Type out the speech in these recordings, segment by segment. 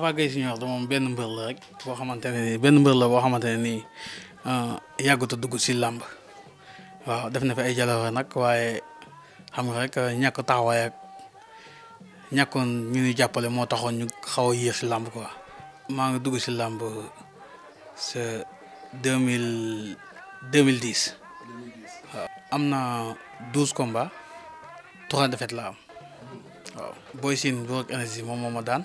Moustapha Gueye Junior da moom benn mbër la rek boo xamante ne nii benn mbër la boo xamante ne nii euh, yàggut dugg si làmb waaw def na fi ay jaloore nag waaye xam nga rek euh, ñàkk taxawaay ak ñàkkoon ñu ñuy jàppale moo taxoon ñu xaw a yéex si làmb ko maa ngi dugg si làmb sa deux mille deux mille dix. waaw am na douze combats trois défaites la am waaw. Boy Sine bu ak moom moo daan.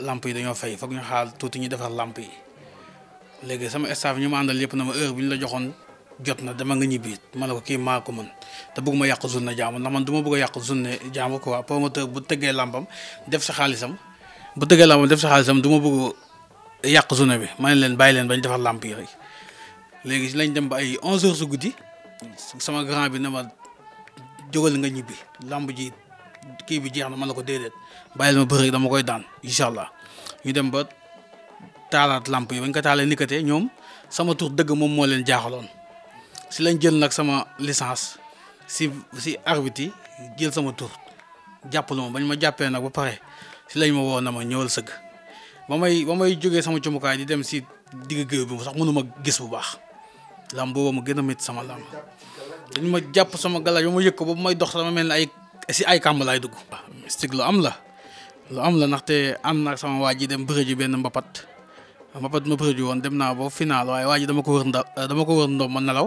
làmp yi dañoo fay foog ñu xaar tuuti ñu defar lamp yi léegi sama staff ñu ma àndal yëpp na ma heure bi ñu la joxoon jot na dama nga ñibbi ma ne ko kii maako ko te bëgg ma yàq journée jàmm ndax man du ma bëgg a yàq journée jàmm quoi promoteur bu tëggee làmpam def sa xaalisam bu tëggee làmpam def sa xaalisam du ma bëgg yàq journée bi ma ne leen bàyyi leen bañ defar làmp yi rek léegi lañ dem ba ay 11 heures su guddi sama grand bi na ma jógal nga ñibbi làmp ji kii bi jeex na ma na ko déedéet bàyyil ma bëri dama koy daan incha allah ñu dem ba taalaat lamp yi bañ ko taalee nikkatee ñoom sama tur dëgg moom moo leen jaaxaloon si lañ jël nag sama licence si si arbitre yi jël sama tur jàppale ma bañ ma jàppee nag ba pare si lañ ma woo na ma ñëwal sëgg ba may ba may jógee sama cumukaay di dem si digg géew bi sax mënuma gis bu baax lam booba ma gën a métti sama lam dañ ma jàpp sama galaaj ba ma yëg ko si ay kàmb laay dugg. mystique lu am la lu am la ndaxte am na sama waa ji dem bëre ji benn mbapat mbapat ma bëre ji woon dem naa ba final waaye waa ji dama ko wër nda dama ko wër ndoom ma nelaw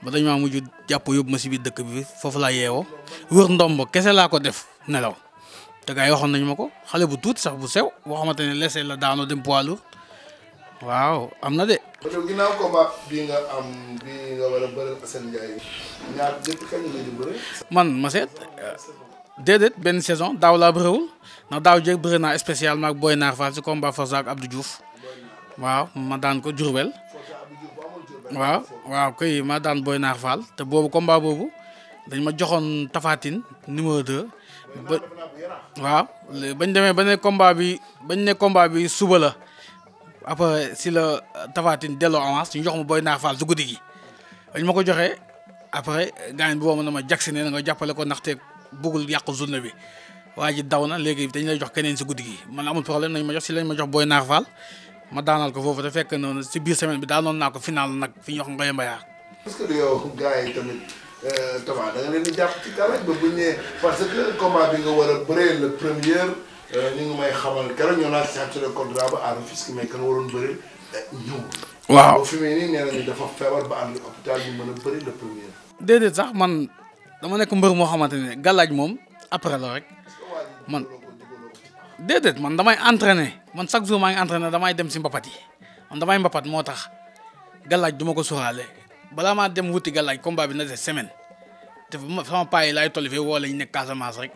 ba dañ maa mujj jàpp yóbbu ma si biir dëkk bi foofu laa yeewoo wër ndomb kese laa ko def nelaw te gars yi waxoon nañu ma ko xale bu tuut sax bu sew boo xamante ne lesee la daanoo dem poids lourd waaw am na de. parce man ma seet euh, déedéet benn saison daaw laa bëriwul ndax daaw jéeg bëri naa spécialement ak Boy Naar Fall si combat Forza ak Abdou Diouf waaw ma daan ko Diourbel waaw waaw kay ma daan Boy Naar Fall te boobu komba boobu dañ ma joxoon tafaatin numéro 2. ba waaw bañ demee ba ne combat bi bañ ne combat bi suba la. après si la euh, Tafatine delloo avance ñu jox ma Boy Naar Fall su guddi gi ñu ma ko joxee après gaañ bi woo ma ma Jackson nee na nga jàppale ko ndaxte bëggul yàqu journée bi waa ji daw na léegi dañ lay jox keneen si guddi gi man amul problème nañ ma jox si lañ ma jox Boy Naar Fall ma daanal ko foofu te fekk noonu si biir semaine bi daanoon naa ko final nak fi ñu wax Ngoye Mbayar. est que yow gars yi tamit euh, Tapha da nga leen di jàpp ci kàlla ba bu ñu parce que combat bi nga war a bëree le premier. Euh, ñu ngi may xamal keroog ñu naan signature de contrat ba à Rufisque mais eh, waaw ba fi muy nii a bëri le sax man dama nekk mbër moo xamante ne gàllaaj moom après la rek man déedéet man damay entraîner man chaque jour maa ngi entraîner damay dem si mbapat yi man damay mbapat moo tax gàllaaj du ma ko sóoraale balaa maa dem wuti gàllaaj combat bi na des semaine te sama paa yi laay tollu fii woo la nekk Casamance rek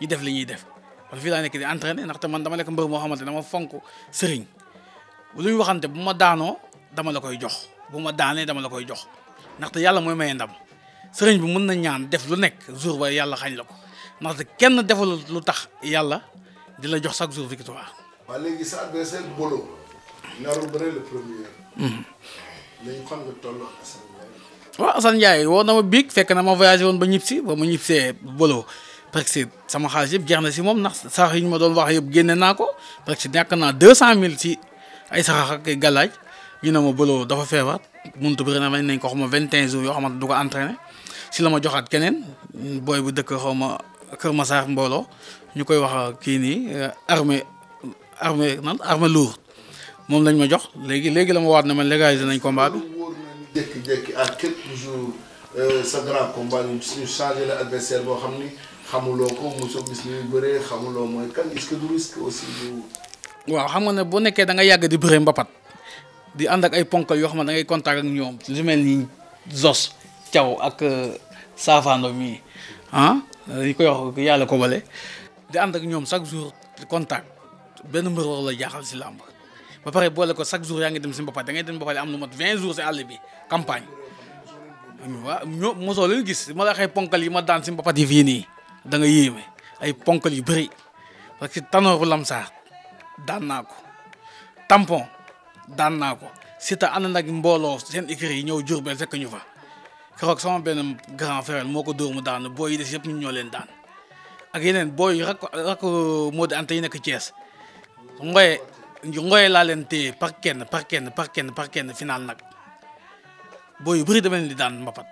ñu def li ñuy def. parce que fii laa nekk di entraîné ndaxte man dama nekk mbër moo xamante dama luy waxante bu ma daanoo dama la koy jox bu ma daanee dama la koy jox ndaxte yàlla mooy maye ndam sëriñ bi mën na ñaan def lu nekk jour ba yàlla xañ la ko ndaxte kenn deful lu tax yàlla di la jox chaque jour victoire. waa léegi sa adversaire Bolo. naru hmm. woo na ma biig fekk na ma voyagé woon ba ñibbisi ba ma ñibbisee Bolo. parce sama xaalis yëpp jeex na si moom ndax sax yi ñu ma doon wax yëpp génne naa ko parce que ñàkk naa deux cent mille si ay saxax ak ay galaaj ñu ne ma Bolo dafa feebar mënut a bëri na nañ ko xaw ma vingt et un jours yoo xamante du ko entraîné si la ma joxaat keneen booy bu dëkk xaw ma Kër Massar mbooloo ñu koy wax kii nii euh, armée armée nan armée lourde moom lañ ma jox léegi léegi la ma waat ne ma légaliser nañ combat bi. jékki-jékki ah, Euh, sa grand combat ñu suñu la adversaire boo xam ni xamuloo ko mosoo gis ñuy bëree xamuloo mooy kan est-ce du risque aussi du. waaw xam nga ne boo nekkee dangay yàgg di bëree mbappat di ànd ak ay ponkal yoo xam ne da ngay contact ak ñoom lu mel ni Zos Thiaw ak euh, Saafando mii ah dañu euh, koy wax yàlla ko bale di ànd ak ñoom chaque jour contact benn mbër war la jaaxal si làmb ba pare boole ko chaque jour yaa ngi dem si mbapat da ngay dem mbapat am lu mat 20 jours si àll bi campagne. waaw ñoo mosoo leen gis ma la ma daan si mbapat yi fii nii da nga ay ponkal yu bëri parce que tanoor bu lamsaar daan naa ko tampon daan naa ko sita ànd nag mbooloo seen écrit yi ñëw Jurbel fekk ñu fa keroog sama benn grand frère moo ko dóor mu daan booy yi des yëpp ñu ñoo leen daan ak yeneen booy yi rak rak moo di ante yi nekk Thiès ngoye ngoye laa leen téye par kenn par kenn par kenn par kenn final nag booy yu bëri dama di daan mbapat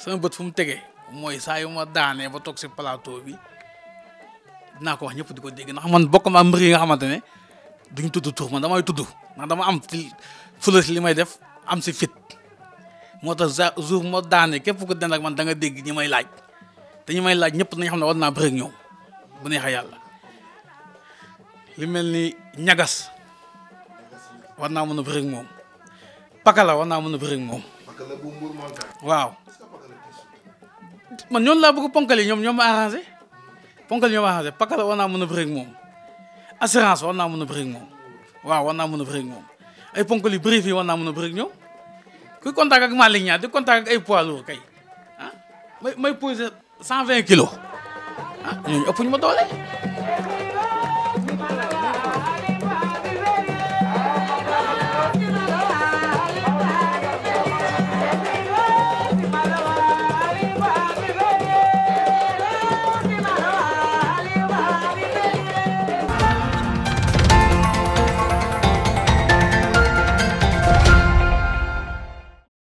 sama bët fu mu tegee mooy saa yu ma daanee ba toog si plateau bi dinaa ko wax ñëpp di ko dégg ndax man bokk ma mbir yi nga xamante ne duñ tudd tur man damay tudd ndax dama am ci fula si li may def am si fit moo tax jour ma daanee képp ku den ak man da dégg ñi may laaj te ñi may laaj ñëpp nañ xam ne war naa bëri ak ñoom bu neexee yàlla li mel ni ñagas war naa mën a bëri ak moom pakala war naa mën a bëri ak moom. waaw man ñoonu laa bëgg ponkal yi ñoom ñoom ma arrangé ponkal yi ñoom ma arrangé pakala war a bëre ak moom assurance war naa a bëre ak moom waaw war naa a bëre ak ay ponkal yu bëri fii a bëre ak ñoom kuy contact ak Malick Niang di contact ay poids lourds kay ah, may may poser cent vingt kilo ah ñu ma doole